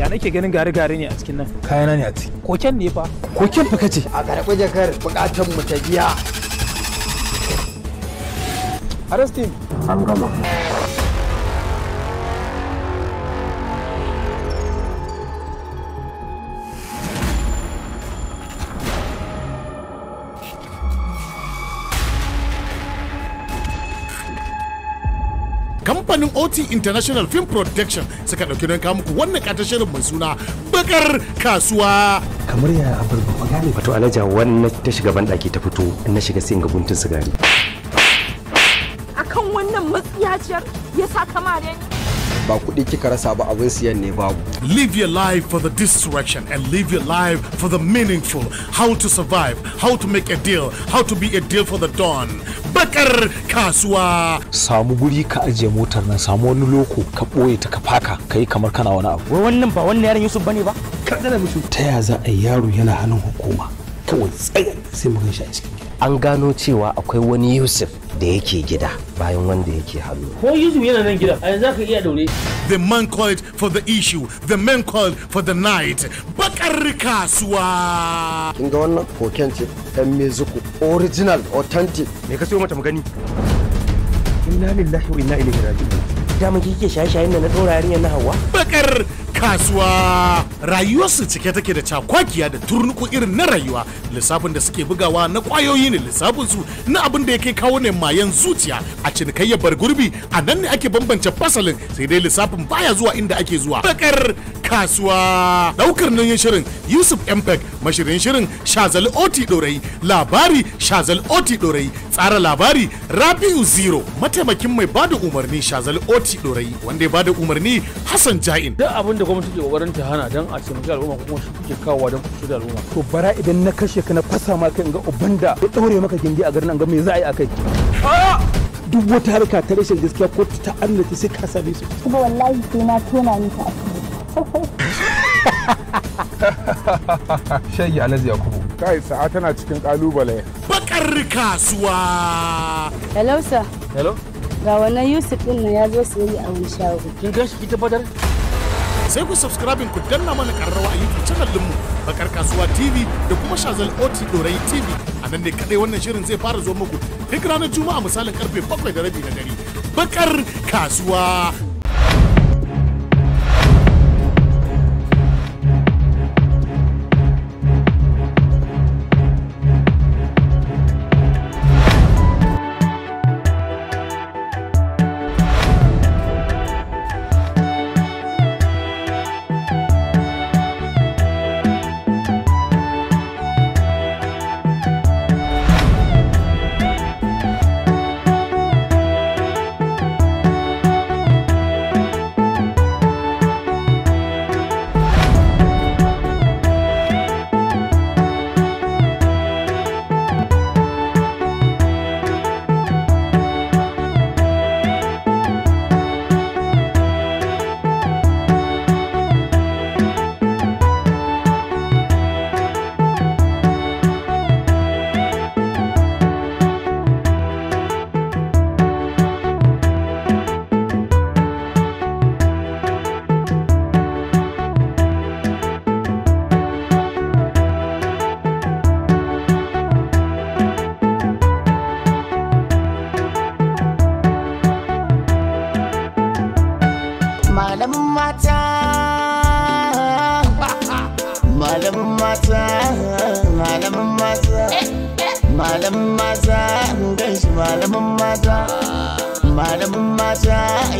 ya nake ganin gare-gare ne a cikin nan kayana ne a ciki koken ne fa koken fa kace a karɓi jakar buƙatar mu ta biya arrestin an gama kamfanin ot international film production suka ɗauki don kawo muku wannan ƙatar shirin mai suna bakar kasuwa kamar ya abar ba gane wato alaja wannan ta shiga ban ɗaki ta fito na shiga sai ga guntun sigari akan wannan matsiyaciyar ya sa kamar ne kuɗi kika rasa ba abin siyan ne babu. Live your life for the distraction and live your life for the meaningful. How to survive, how to make a deal, how to be a deal for the dawn. Bakar kasuwa. Samu guri ka ajiye motar nan samu wani loko ka ɓoye ta ka faka ka yi kamar kana wani abu. Wai wannan ba wannan yaron Yusuf bane ba? Kaɗa da mutum. Ta ya za a yaro yana hannun hukuma kawai tsaya sai mu gan shi a cikin an gano cewa akwai wani yusuf da yake gida bayan wanda yake hannu ko yusuf yana nan gida a yanzu iya daure the man called for the issue the man called for the night bakar kasuwa kin ga wannan koken ce ɗan mezuku original authentic me ka siyo mata mu gani inna lillahi wa inna ilaihi raji'un da mun kike shaye-shayen da na dora yarinyar na hawa bakar kasuwa rayuwarsu cike take da cakwakiya da turnuku irin na rayuwa lissafin da suke bugawa na kwayoyi ne lissafin su na abin da yake kawo ne mayan zuciya a cinikayyar gurbi a nan ne ake bambance fasalin sai dai lissafin baya zuwa inda ake zuwa bakar kasuwa daukar nauyin shirin yusuf mpeg mashirin shirin shazal oti dorai labari shazal oti dorai tsara labari rabiu zero mataimakin mai bada umarni shazal oti dorai wanda ya bada umarni hassan ja'in duk abin da gwamnati ke kokarin ta hana dan a cikin al'umma ko kuma shi kuke kawowa don ku da al'umma to bara idan na kashe ka na fasa maka in ga ubanda ya daure maka gindi a garin an ga me za a yi akai ah! duk wata harka ta rashin gaskiya ko ta annati sai ka sabe su kuma wallahi sai na tona ni ta Shayi Alhaji Yakubu. Kai sa'a tana cikin kalubale. Bakar kasuwa. Hello sir. Hello. Ga wannan Yusuf din ya zo sayi a wani shago. Kin gan shi ki tabbatar? Sai ku subscribe ku danna mana karrawa a YouTube channel mu Bakar Kasuwa TV da kuma Shazal OT Dorai TV. A nan ne kadai wannan shirin zai fara zo muku duk ranar Juma'a misalin karfe 7:30 na dare. Bakar Kasuwa.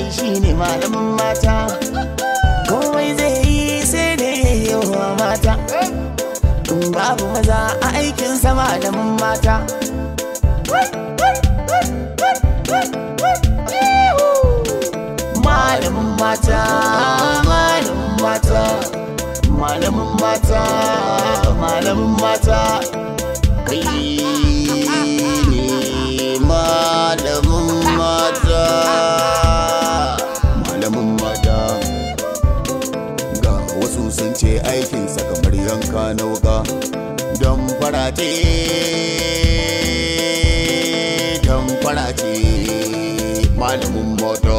ai shi ne mata komai zai yi sai da yawa mata babu maza a aikinsa malamin mata malamin mata malamin mata malamin mata malamin mata kai idan ka nauka don farace don farace malamin moto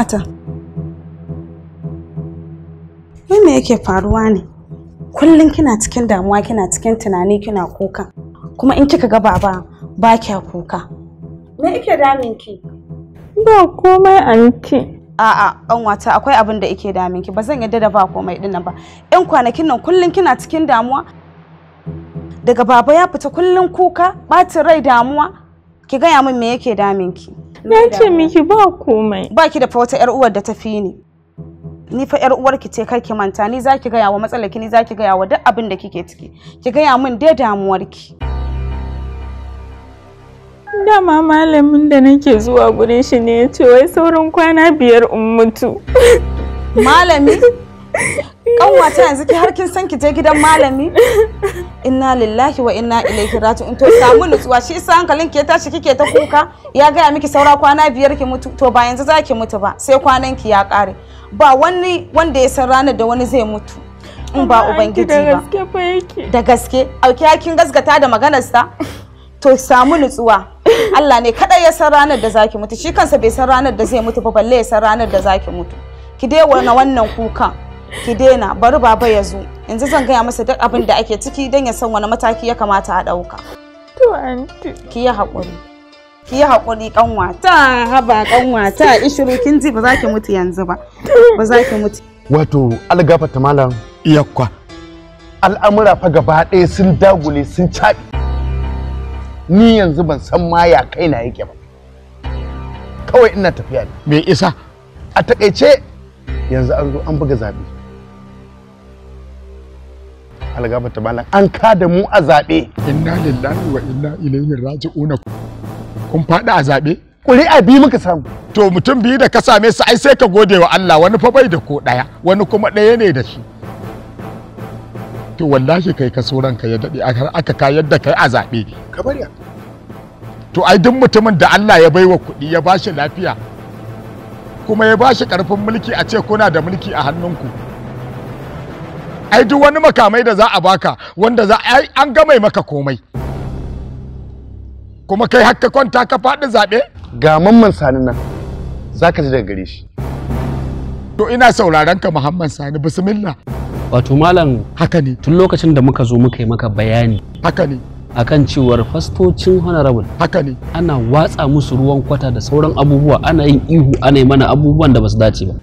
mata wai me yake faruwa ne kullum kina cikin damuwa kina cikin tunani kina kuka kuma in kika ga baba ba kya kuka me yake damin ki ba komai anti a'a wata akwai abin da yake damin ki ba zan yadda da ba komai din nan ba yan kwanakin nan kullum kina cikin damuwa daga baba ya fita kullum kuka ɓacin rai damuwa ki gaya min me yake damin ki Na ce miki ba komai. Ba da fa wata 'yar uwar da ta fi ni. ni fa yar uwarki ce kar ki manta ni zaki gaya wa matsalarki ni zaki gaya wa duk abin da kike ciki ki gaya mun dai damuwarki dama malamin da nake zuwa gurin shi ne ya ce wai saurin kwana biyar in mutu malami kanwata yanzu ki har kin san ki je gidan malami inna lillahi wa inna ilaihi raji'un to samu nutsuwa shi isa hankalin ke tashi kike ta kuka ya gaya miki saura kwana biyar ki mutu to ba yanzu zaki mutu ba sai kwanan ki ya kare ba wani wanda ya san ranar da wani zai mutu in ba ubangiji ba da gaske auki ya kin gasgata da maganar sa. to samu nutsuwa Allah ne kadai ya san ranar da zaki mutu shi kansa bai san ranar da zai mutu ba balle ya san ranar da zaki mutu ki dai wannan kuka. ki daina bari baba ya zo yanzu zan gaya masa duk abin da ake ciki don ya san wani mataki ya kamata a ɗauka. To anti. Ki yi haƙuri. Ki yi haƙuri Ta haba ta ishiru kin ji ba za ki mutu yanzu ba. Ba za ki mutu. Wato algafata malam iyakwa. Al'amura fa gaba ɗaya sun dagule sun caɓe Ni yanzu ban san ma ya kai na yake ba. Kawai ina tafiya ne. Me isa? A taƙaice yanzu an zo an buga zaɓe. algaba ta malam an kada mu a zaɓe inna lillahi wa inna ilaihi raji'una kun faɗi a zaɓe ƙuri'a bi muka samu to mutum biyu da ka same su ai sai ka gode wa Allah wani fa bai da ko ɗaya wani kuma ɗaya ne da shi to wallahi kai ka so ka ya daɗe aka kayar da kai a zaɓe ka bari to ai duk mutumin da Allah ya baiwa kuɗi ya bashi lafiya kuma ya bashi ƙarfin mulki a ce kuna da mulki a hannunku ai duk wani makamai da za a baka wanda za ai an mai maka komai kuma kai haka kwanta ka faɗi zaɓe ga mamman sani nan za ka ji daga gare shi to ina sauraron ka muhammad sani bismillah wato malam haka ne tun lokacin da muka zo muka yi maka bayani haka ne akan cewar fastocin honorable haka ne ana watsa musu ruwan kwata da sauran abubuwa ana yin ihu ana yi mana abubuwan da basu dace ba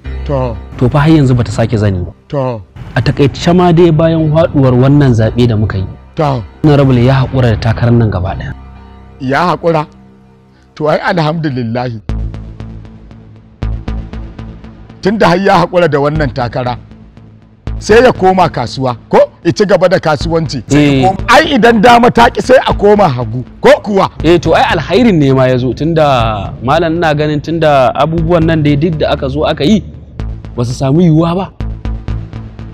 to fa har yanzu bata sake zani ba a takaice ma dai bayan haduwar wannan zaɓe da muka yi To. honorable ya haƙura da takarar nan gaba ɗaya ya haƙura to ai alhamdulillah tunda har ya haƙura da wannan takara sai ya koma kasuwa ko ya ci gaba da kasuwanci eh. ai idan dama ta ki sai a koma hagu ko kuwa eh to ai alhairin ne ma yazo tunda malam ina ganin tunda abubuwan nan da duk da aka zo aka yi ba su samu yiwuwa ba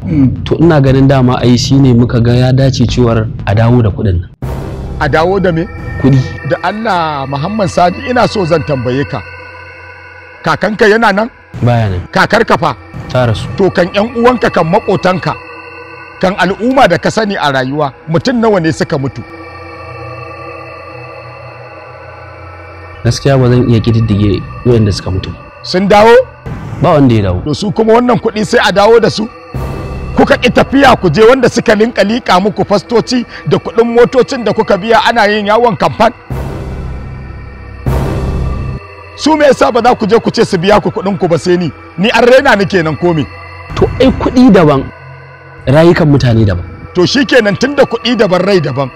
hmm. to ina ganin dama ai shine muka ga ya dace cewar a dawo da kuɗin nan a dawo da me kuɗi da Allah Muhammad Sadi ina so zan tambaye ka kakanka yana nan baya nan kakar kafa. ta rasu to kan yan uwanka kan makotanka kan al'umma da ka sani a rayuwa mutum nawa ne suka mutu gaskiya ba zan iya kididdige wayanda suka mutu sun dawo ba wanda ya dawo to su kuma wannan kuɗi sai a dawo da su kuka ƙi tafiya ku je wanda suka linka liƙa muku fastoci da kuɗin motocin da kuka biya ana yin yawon kamfan su me yasa ba za ku je ku ce su biya ku kuɗin ku ba sai ni ni an raina ni kenan ko me to ai kuɗi daban rayukan mutane daban to shikenan tunda kuɗi daban rai daban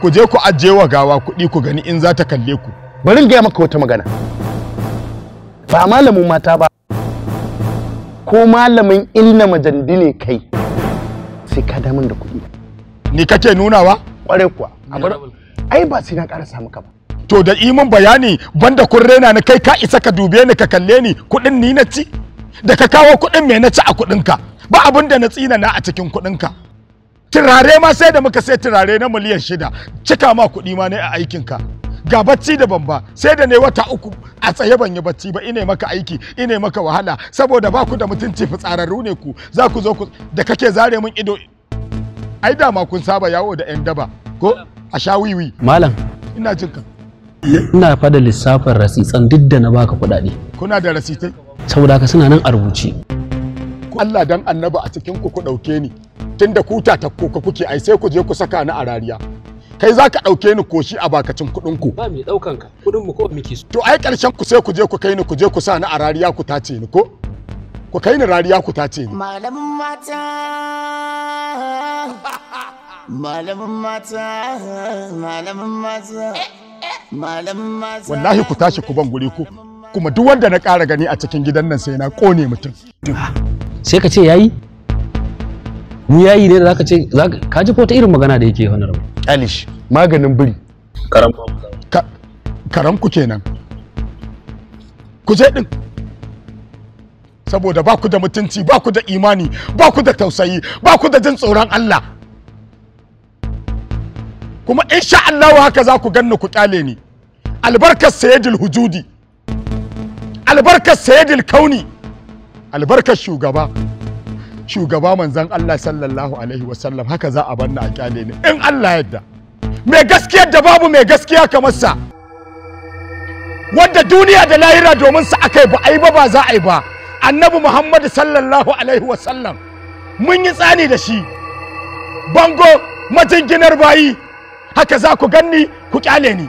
ku je ku ajiye wa gawa kuɗi ku gani in za ta kalle ku bari in gaya maka wata magana ba malamin mata ba ko malamin ilna majandi ne kai sai ka damun da kuɗi ni kake nunawa ƙwarai kuwa ai ba sai na ƙara samu ka ba to da imin bayani banda kun rena ni kai ka isa ka dube ni ka kalle ni kuɗin ni na ci da ka kawo kuɗin me na ci a ka ba abun da na tsina na a cikin ka turare ma sai da muka sai turare na miliyan shida cika ma kuɗi ma ne a aikinka ga bacci da bamba sai da ne wata uku a tsaye ban yi bacci ba ine maka aiki ine maka wahala saboda ba ku da mutunci fitsararru ne ku za ku zo ku da kake zare mun ido ai ma kun saba yawo da yan daba ko a sha malam ina jinka ina fada lissafin rasitsan duk da na baka kuɗaɗe kuna da rasitai saboda haka suna nan a rubuce Allah dan annaba a cikin ku ku ɗauke ni tunda ku ta ka kuke ai sai ku je ku saka ni a rariya kai za ka ɗauke ni koshi a bakacin kuɗin ku. Ba mai daukan ka kuɗin mu ko muke so. To ai ƙarshen ku sai ku je ku kai ni ku je ku sa ni a rariya ku tace ni ko? Ku kai ni rariya ku tace ni. Malamin mata. Malamin mata. Malamin mata. wallahi ku tashi ku ban guri ku kuma duk wanda na ƙara gani a cikin gidan nan sai na ƙone mutum ah, sai ka ce yayi mu yayi ne da zaka ce ka ji ko ta irin magana da yake wannan rabu alish maganin biri karam karam ku kenan ku je din saboda ba ku da mutunci ba ku da imani ba ku da tausayi ba ku da jin tsoron Allah kuma insha Allah haka za ku ganna ku kyale ni albarkar sayyidul hujudi albarkar sayyidul kauni albarkar shugaba shugaba manzon Allah sallallahu alaihi wasallam haka za a banna a kyale ni in Allah yadda mai gaskiyar da babu mai gaskiya kamar sa wanda duniya da lahira domin sa akai ba ai ba ba za a yi ba annabi Muhammad sallallahu alaihi wasallam mun yi tsani da shi bango majinginar bayi haka za ku ganni ku kyale ni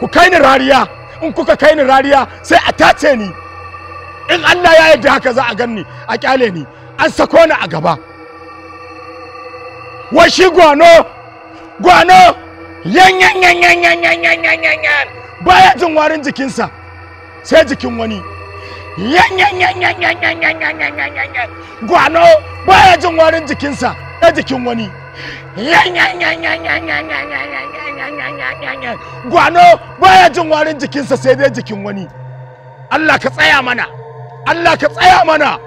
ku kai ni rariya in kuka kai ni rariya sai a tace ni in Allah ya yarda haka za a ganni a kyale ni an sako ni a gaba washi shi gwano gwano yan yan yan yan yan yan yan yan yan baya jin warin jikinsa sai jikin wani yan yan yan yan yan yan yan yan yan yan gwano baya jin warin jikinsa sai jikin wani gwano baya jin warin jikinsa sai dai jikin wani Allah ka tsaya mana Allah ka tsaya mana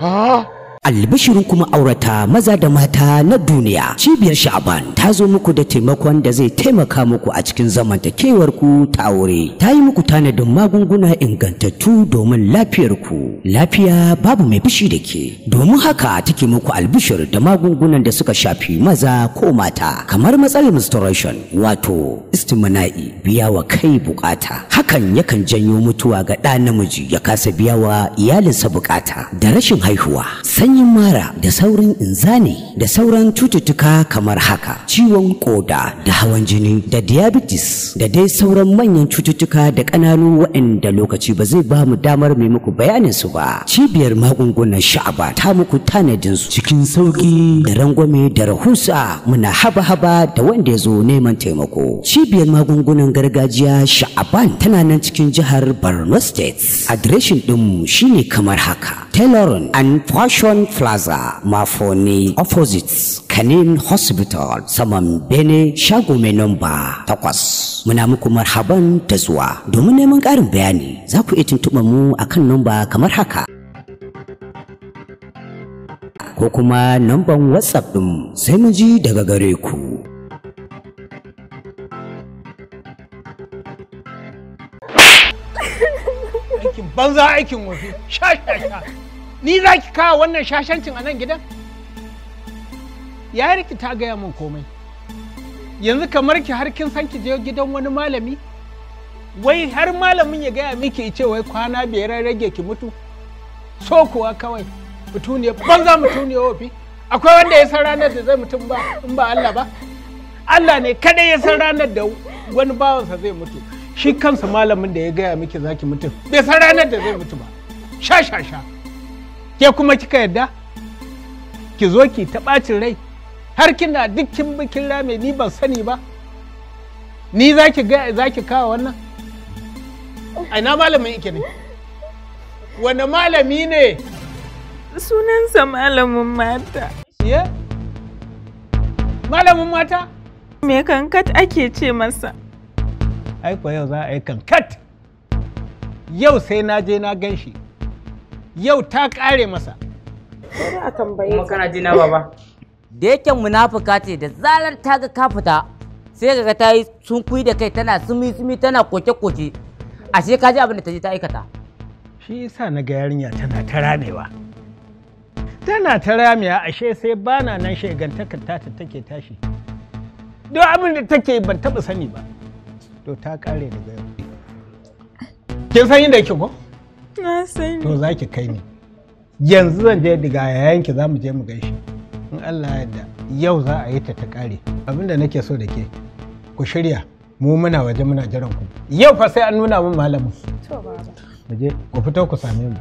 ha ah. albishirin kuma aurata maza da mata na duniya cibiyar sha'aban ta zo muku da taimakon da zai taimaka muku a cikin zamantakewar ku ta aure ta yi muku tanadin magunguna ingantattu domin lafiyarku lafiya babu mai bishi da ke domin haka take muku albishir da magungunan da suka shafi maza ko mata kamar matsalar menstruation wato istimana'i biya wa kai bukata hakan yakan janyo mutuwa ga ɗa namiji ya kasa biya wa iyalinsa bukata da rashin haihuwa sanya sanyin mara da saurin inzani da sauran cututtuka kamar haka ciwon koda da hawan jini da diabetes da dai sauran manyan cututtuka da ƙananu waɗanda lokaci ba zai ba mu damar mai muku bayanin su ba cibiyar magungunan sha'aba ta muku tanadin su cikin sauƙi da rangwame da rahusa muna haba-haba da wanda ya zo neman taimako cibiyar magungunan gargajiya sha'aban tana nan cikin jihar borno state adireshin ɗinmu shine kamar haka tailoring and fashion Plaza, Mafoni, opposite Kanin Hospital, saman Bene, shago mai nomba takwas. Muna muku marhaban da zuwa. Domin neman ƙarin bayani, za ku iya tuntuɓa mu kan nomba kamar haka. Ko kuma nomban WhatsApp ɗin sai mu ji daga gare ku. banza aikin wasu sha sha sha ni za ki kawo wannan shashancin a nan gidan yayar ki ta gaya min komai yanzu kamar ki har kin san ki je gidan wani malami wai har malamin ya gaya miki ce wai kwana biyar rage ki mutu so kuwa kawai mutuniya banza mutuniya wofi akwai wanda ya san ranar da zai mutum ba in ba Allah ba Allah ne kada ya san ranar da wani bawansa zai mutu shi kansa malamin da ya gaya miki zaki mutum bai san ranar da zai mutu ba sha sha sha ke kuma kika yadda ki zo ki ta ɓacin rai har kina dukkin bikin rame ni ban sani ba ni za ki ga za ki kawo wannan a ina malamin ike ne wanda malami ne sunansa malamin mata ye malamin mata me kankat ake ce masa aiko yau za a yi kankat yau sai na je na gan shi yau ta ƙare masa a tambaye kana ji baba da yake munafuka ce da zarar ta ga ka fita sai ga ta yi sun kuyi da kai tana sumi sumi tana koke koke ashe ka ji abin da ta je ta aikata shi yasa na ga yarinya tana ta ramewa tana ta ramewa ashe sai bana nan shegantakar ta take tashi don abin da take ban taba sani ba to ta kare daga yau kin san inda yake ko To za ki kai ni. Yanzu zan je diga yayanki za mu je mu gaishe. In Allah ya yarda yau za a yi ta ta kare. Abinda nake so da ke ku shirya mu muna waje muna jiran ku. Yau fa sai an nuna min malamin. To ku fito ku same mu.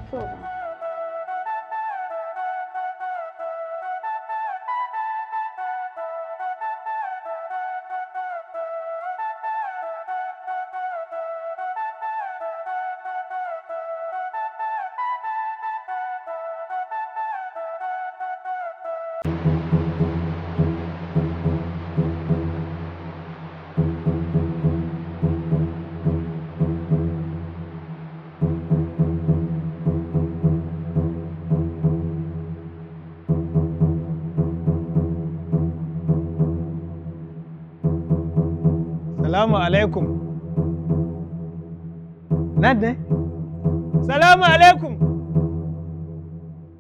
Salamu alaikum. Nad ne? Salamu alaikum.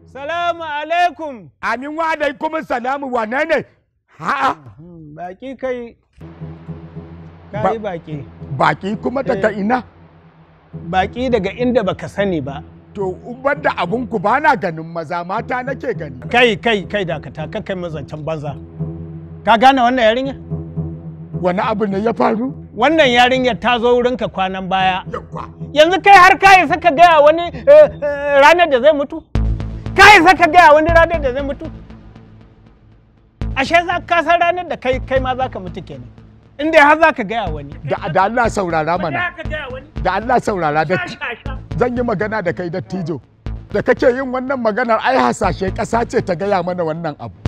Salamu alaikum. Amin wa dai kuma salamu wa nan ne? Ha'a. Baki kai. Kai baki. Baki kuma daga eh. ina? Baki daga inda baka sani ba. To, ubar da abinku ba na ganin maza mata nake gani. Kai, kai, kai dakata, kakai mazancan banza. Ka gane wannan yarinya? wani abu ne ya faru wannan yarinyar ta zo wurinka kwanan baya yanzu kai har ka isa ka gaya wani eh, eh, ranar da zai mutu ka isa ka gaya wani ranar da zai mutu ashe za ka san ranar da kai kai ma za ka mutu kenan in dai har za ka gaya wani da Allah saurara mana da Allah saurara da zan yi magana da kai dattijo da kake yin wannan maganar ai hasashe ƙasa ce ta gaya mana wannan abu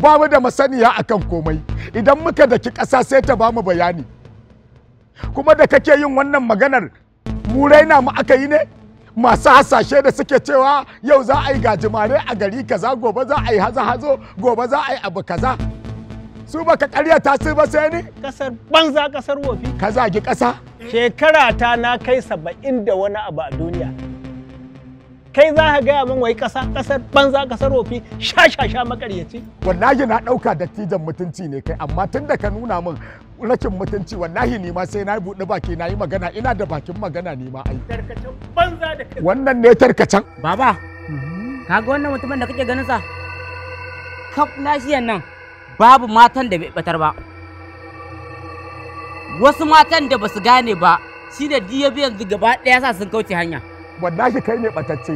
ba mu da masaniya akan komai idan muka daki ƙasa sai ta ba mu bayani kuma da kake yin wannan maganar mu raina mu aka yi ne masu hasashe da suke cewa yau za a yi gajimare a gari kaza gobe za a yi haza hazo gobe za a yi abu kaza su baka karya ta su ba sai ni kasar banza kasar wofi ka zagi kasa shekara ta na kai saba'in da wani abu a duniya kai za ka gaya min wai ƙasa ƙasar banza ƙasar rofi sha sha sha makaryaci wallahi na ɗauka dattijan mutunci ne kai amma tun da ka nuna min rakin mutunci wallahi ni ma sai na buɗe baki na yi magana ina da bakin magana ni ma ai tarkacen banza da kai wannan ne tarkacen baba kaga wannan mutumin da kake ganin sa kaf nasiyan nan babu matan da bai batar ba wasu matan da basu gane ba shine diyabi yanzu gaba ɗaya sa sun kauce hanya wallahi kai ne batacce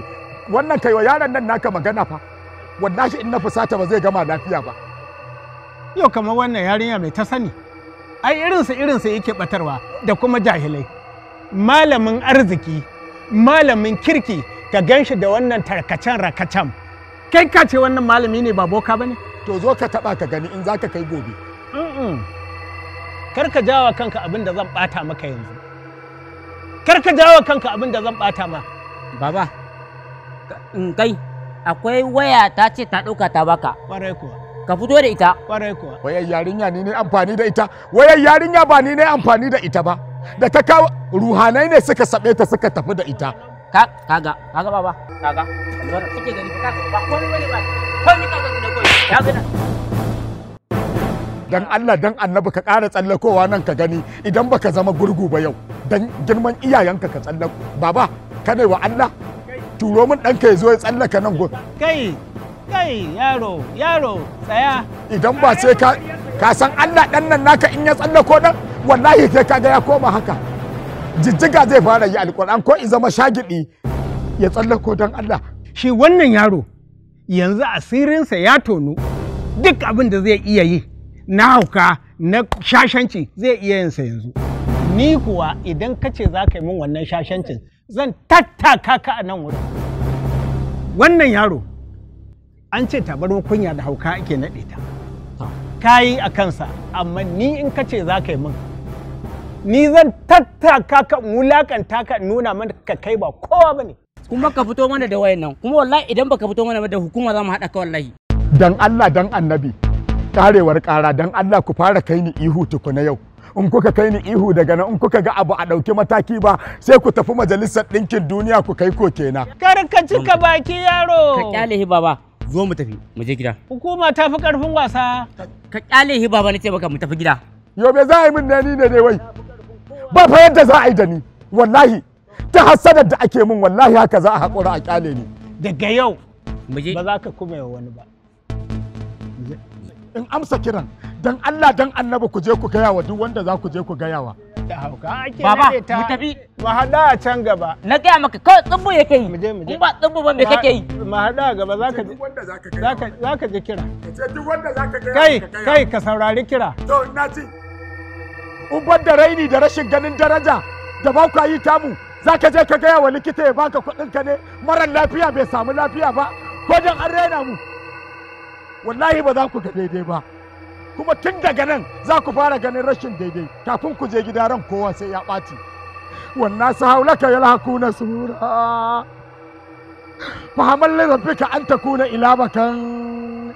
wannan kai wa yaron nan naka magana fa wallahi in na fusata ba zai gama lafiya ba yau kamar wannan yarinya mai ta sani ai irin su yake batarwa da kuma jahilai malamin arziki malamin kirki ka ganshi da wannan tarkacen rakacen kai ka ce wannan malami ne ba boka bane ne to zo ka taba ka gani in za kai gobe kar ka jawa kanka abin da zan bata maka yanzu kar ka jawo kanka abin da zan bata ma baba in kai akwai waya ta ce ta ɗauka ta baka Kwarai kuwa ka fito da ita Kwarai kuwa wayar yarinya ne ne amfani da ita wayar yarinya ba ni ne amfani da ita ba da ta kawo ruhanai ne suka sabe ta suka tafi da ita ka kaga kaga baba kaga kake gani ka ba komai bane ba kwani ka ga ne ya kaga dan Allah dan annabi ka ƙara tsallakowa nan ka gani idan baka zama gurgu ba yau dan girman iyayenka ka tsallako baba ka ne wa Allah turo min ɗanka ya zo ya tsallaka nan gun kai kai yaro yaro tsaya idan ba sai ka ka san Allah dan nan naka in ya tsallako nan wallahi sai ga ya koma haka jijjiga zai fara yi alƙur'an ko in zama shagidi ya tsallako dan Allah shi wannan yaro yanzu asirinsa ya tonu duk abin da zai iya yi na hauka na shashanci zai iya yin sa yanzu ni kuwa idan ka ce za ka yi min wannan shashancin zan tattaka ka a nan wurin wannan yaro an ce tabar kunya da hauka ake naɗe ta kayi a kansa amma ni in ka ce za ka yi min ni zan tattaka ka wulakanta ka nuna mana ka kai ba kowa ba ne. kuma ka fito mana da wayannan kuma wallahi idan baka fito mana da hukuma za mu haɗa ka wallahi dan Allah dan annabi karewar kara don Allah ku fara kai ni ihu tukuna yau in kuka kai ni ihu daga nan in kuka ga abu a ɗauki mataki ba sai ku tafi majalisar ɗinkin duniya ku kai kokena. kar ka cika baki yaro ka kyalehi baba zo mu tafi mu je gida hukuma ta fi karfin wasa ka kyalehi baba na ce baka mu tafi gida yo me za a yi min ni ne dai wai ba fa yadda za a yi da ni wallahi ta hasadar da ake min wallahi haka za a haƙura a kyale ni daga yau ba za ka kuma wani ba in amsa kiran dan Allah dan annabi ku je ku gaya wa duk wanda za ku je ku gaya wa baba mu tafi mahada a can gaba na gaya maka kawai tsumbu yake yi In ba tsumbu ba me kake yi mahada a gaba zaka je. zaka zaka je kira duk wanda zaka gaya kai kai ka saurari kira to na ji ubar da raini da rashin ganin daraja da ba ku yi tamu zaka je ka gaya wa likita ya baka kuɗin ka ne Maran lafiya bai samu lafiya ba ko dan an raina mu wallahi ba za ku ga daidai ba kuma tun daga nan za ku fara ganin rashin daidai kafin ku je gida ran kowa sai ya ɓaci wannan su haulaka ya lakuna sura fahamar lirafika an ta kuna ilabakan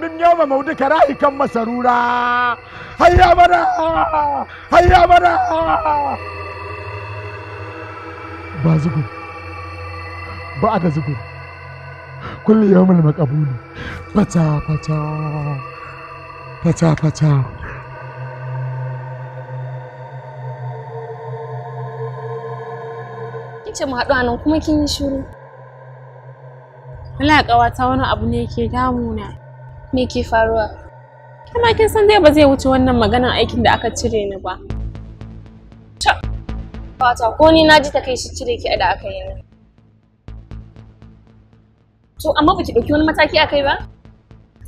min yawma maudika ra'ikan masarura hayya mana hayya mana ba ba a da kulli yawmil maqbul fata fata fata fata kince mu haɗu nan kuma kin yi shiru Wala ƙawata wani abu ne ke damuna. Me ke faruwa? Kuma kin san dai ba zai wuce wannan maganar aikin da aka cire ni ba. Ta. Ƙawata ko ni na ji ta kai shi cire ki da aka yi ni. To amma baki ɗauki wani mataki a kai ba?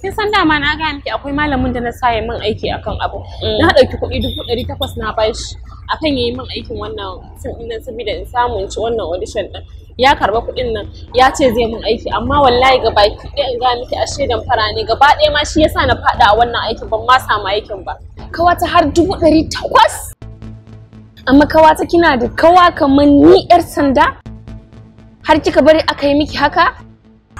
Kin san dama na gaya miki akwai malamin da na sa ya min aiki akan abu. Mm. Na ɗauki kuɗi dubu ɗari takwas na bashi akan yayi min aikin wannan fim ɗin saboda in samu in ci wannan audition ɗin. Ya karɓa kuɗin nan ya ce zai min aiki amma wallahi gaba ɗaya in gaya miki ashe dan fara ne gaba ɗaya ma shi yasa na faɗa a wannan aikin ban ma samu aikin ba. Kawata har dubu ɗari takwas? Amma kawata kina da kawa kamar ni 'yar sanda? Har kika bari aka yi miki haka?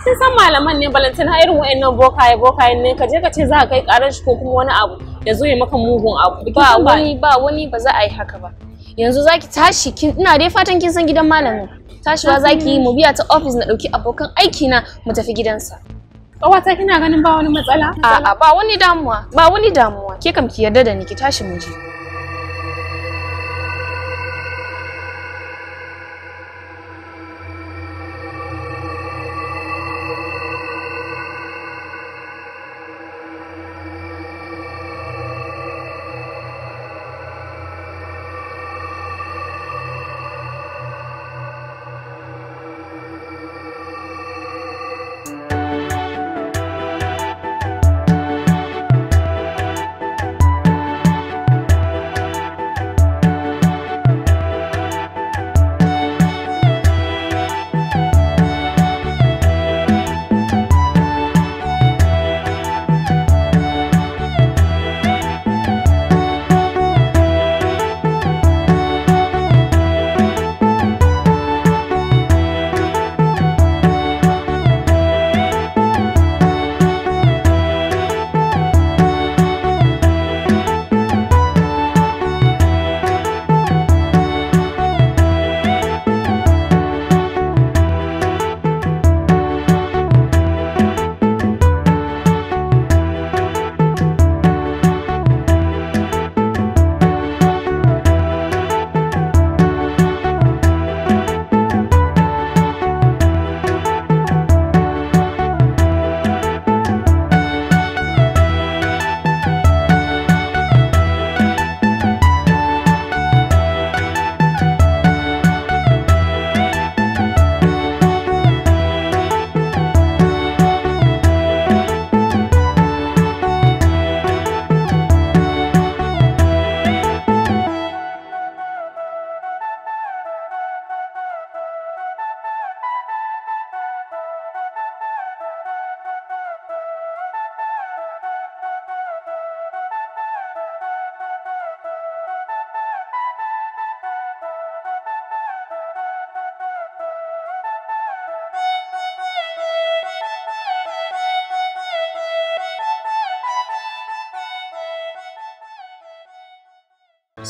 sai san malaman ne balantin ha irin wayannan bokaye bokaye ne ka je ka ce za ka kai karar shi ko kuma wani abu ya zo ya maka mugun abu ba wani ba wani ba za a yi haka ba yanzu za ki tashi ina dai fatan kin san gidan malamin tashiwa ki yi mu biya ta office na dauki abokan aiki na mu tafi gidansa Ƙawata kina ganin ba wani matsala? A'a ba wani damuwa, ba wani damuwa. Ke kam ki yarda da ni ki tashi mu je.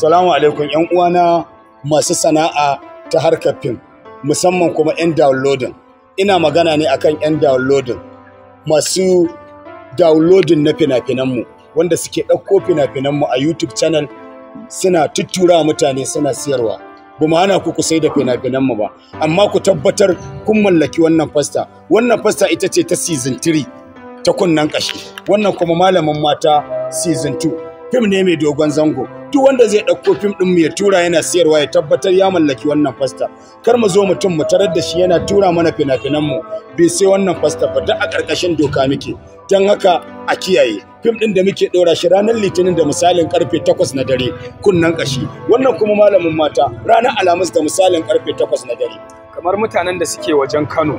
Salamu alaikum ‘yan uwana masu sana'a ta harkar fim, musamman kuma ‘yan downloading. Ina magana ne akan ‘yan downloading, masu downloading na fina-finanmu, wanda suke ɗauko fina-finanmu a YouTube channel suna tuttura mutane suna siyarwa. Ba mu hana ku kusai da fina-finanmu ba, amma ku tabbatar kun mallaki wannan fasta. Wannan fasta ita ce ta season 3 ta kunnen ƙashi, wannan kuma malamin mata season 2. Fim ne mai dogon zango, duk wanda zai ɗauko fim ɗin mu ya tura yana siyarwa ya tabbatar ya mallaki wannan fasta kar mu zo mutum mu tarar da shi yana tura mana fina-finan mu bai sai wannan fasta ba duk a karkashin doka muke don haka a kiyaye fim ɗin da muke ɗora shi ranar litinin da misalin karfe 8 na dare kunnan kashi wannan kuma malamin mata ranar alhamis da misalin karfe 8 na dare kamar mutanen da suke wajen kano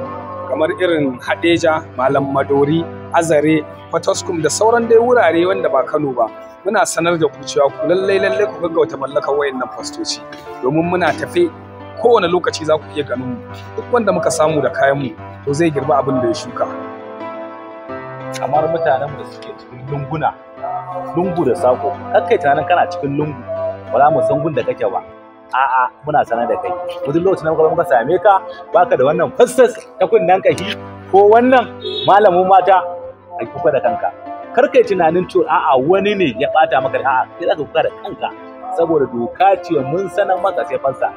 kamar irin hadeja malam madori azare fatoskum da sauran dai wurare wanda ba kano ba muna sanar da ku cewa ku lallai lallai ku gaggauta mallakar wayannan fastoci domin muna tafe kowane lokaci za ku iya ganin mu duk wanda muka samu da kayan mu to zai girba abin da ya shuka kamar mutanen da suke cikin lunguna lungu da sako kakkai tunanin kana cikin lungu ba mu san gun da kake ba a'a muna sanar da kai duk lokacin da muka same ka baka da wannan fastas ta kunnan kashi ko wannan malamin mata a kuka da kanka kar yi tunanin to a'a wani ne ya bata maka a'a sai zaka kuka da kanka saboda doka ce mun sanar maka sai fansa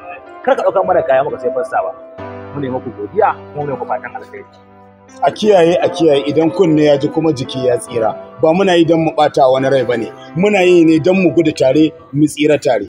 kar dauka mara kaya maka sai fansa ba mun ne muku godiya mun ne muku fatan alheri a kiyaye a kiyaye idan kunne ya ji kuma jiki ya tsira ba muna yi don mu bata wani rai bane muna yi ne don mu gudu tare mu tsira tare